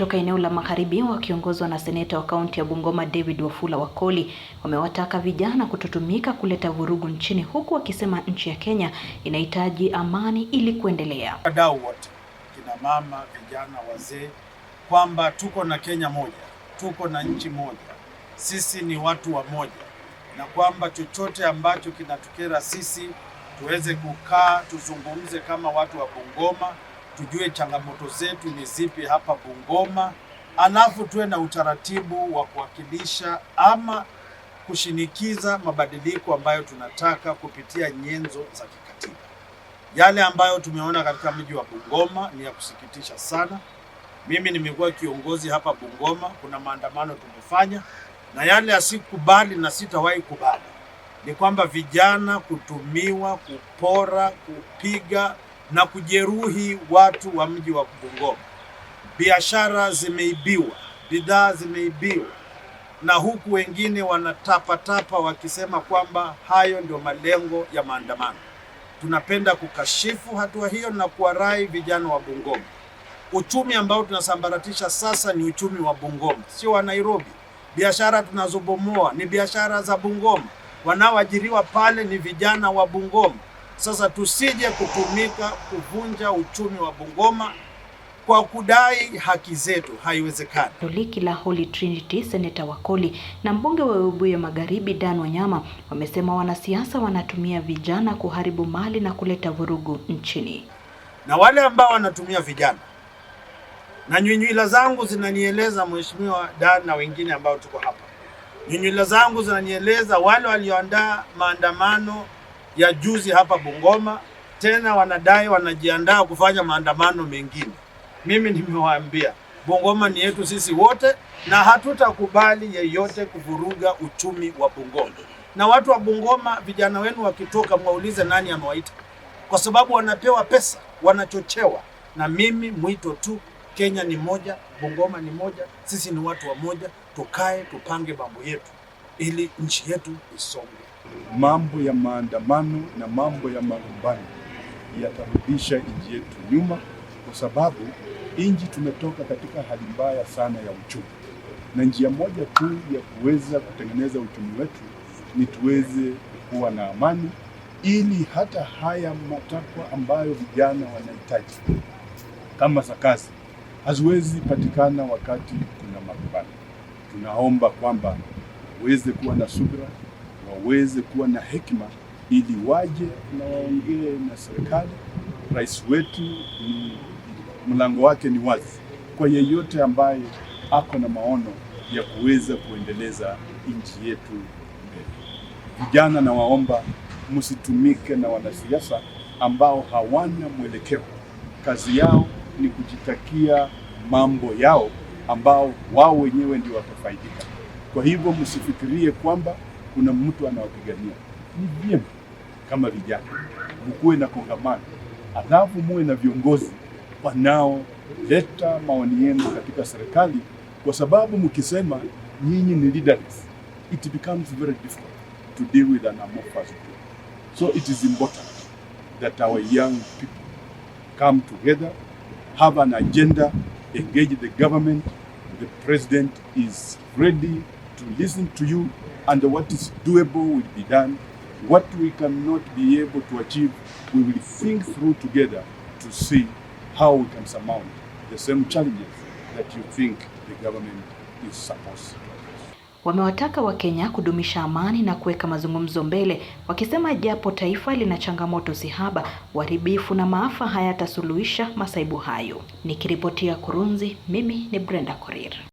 kutoka eneo la magharibi wakiongozwa na seneta wa kaunti ya Bungoma David Wafula Wakoli wamewataka vijana kutotumika kuleta vurugu nchini huku wakisema nchi ya Kenya inahitaji amani ili kuendelea. Wadau wote kina mama, vijana, wazee, kwamba tuko na Kenya moja, tuko na nchi moja, sisi ni watu wa moja, na kwamba chochote ambacho kinatukera sisi tuweze kukaa tuzungumze kama watu wa Bungoma tujue changamoto zetu ni zipi hapa Bungoma, alafu tuwe na utaratibu wa kuwakilisha ama kushinikiza mabadiliko ambayo tunataka kupitia nyenzo za kikatiba. Yale ambayo tumeona katika mji wa Bungoma ni ya kusikitisha sana. Mimi nimekuwa kiongozi hapa Bungoma, kuna maandamano tumefanya, na yale asikubali na sitawahi kubali ni kwamba vijana kutumiwa, kupora, kupiga na kujeruhi watu wa mji wa Bungoma. Biashara zimeibiwa, bidhaa zimeibiwa, na huku wengine wanatapatapa wakisema kwamba hayo ndio malengo ya maandamano. Tunapenda kukashifu hatua hiyo na kuwarai vijana wa Bungoma, uchumi ambao tunasambaratisha sasa ni uchumi wa Bungoma, sio wa Nairobi. Biashara tunazobomoa ni biashara za Bungoma, wanaoajiriwa pale ni vijana wa Bungoma. Sasa tusije kutumika kuvunja uchumi wa Bungoma kwa kudai haki zetu, haiwezekani. Toliki la Holy Trinity, seneta Wakoli na mbunge wa Webuye Magharibi Dan Wanyama wamesema wanasiasa wanatumia vijana kuharibu mali na kuleta vurugu nchini, na wale ambao wanatumia vijana na nywinywila zangu zinanieleza Mheshimiwa Dan na wengine ambao tuko hapa, nywinywila zangu zinanieleza wale walioandaa maandamano ya juzi hapa Bungoma, tena wanadai wanajiandaa kufanya maandamano mengine. Mimi nimewaambia Bungoma ni yetu sisi wote, na hatutakubali yeyote kuvuruga uchumi wa Bungoma. Na watu wa Bungoma, vijana wenu wakitoka, mwaulize nani amewaita, kwa sababu wanapewa pesa, wanachochewa. Na mimi mwito tu, Kenya ni moja, Bungoma ni moja, sisi ni watu wa moja, tukae tupange mambo yetu ili nchi yetu isonge mambo ya maandamano na mambo ya marumbani yatarudisha nchi yetu nyuma, kwa sababu nchi tumetoka katika hali mbaya sana ya uchumi, na njia moja tu ya kuweza kutengeneza uchumi wetu ni tuweze kuwa na amani, ili hata haya matakwa ambayo vijana wanahitaji kama za kazi haziwezi patikana wakati kuna malumbano. Tunaomba kwamba uweze kuwa na subira waweze kuwa na hekima ili waje na waongee na serikali. Rais wetu ni mlango wake ni wazi kwa yeyote ambaye ako na maono ya kuweza kuendeleza nchi yetu mbele. Vijana na waomba msitumike na wanasiasa ambao hawana mwelekeo. Kazi yao ni kujitakia mambo yao ambao wao wenyewe ndio watafaidika. Kwa hivyo msifikirie kwamba kuna mtu anawapigania. Ni vyema kama vijana mkuwe na kongamano, alafu muwe na viongozi wanaoleta maoni yenu katika serikali, kwa sababu mkisema nyinyi ni leaders, it becomes very difficult to deal with an amorphous group. So it is important that our young people come together, have an agenda, engage the government. The president is ready to listen to you and what is doable will be done. What we cannot be able to achieve, we will think through together to see how we can surmount the same challenges that you think the government is supposed to. Wamewataka Wakenya kudumisha amani na kuweka mazungumzo mbele, wakisema japo taifa lina changamoto sihaba, uharibifu na maafa hayatasuluhisha masaibu hayo. Nikiripotia Kurunzi, mimi ni Brenda Korir.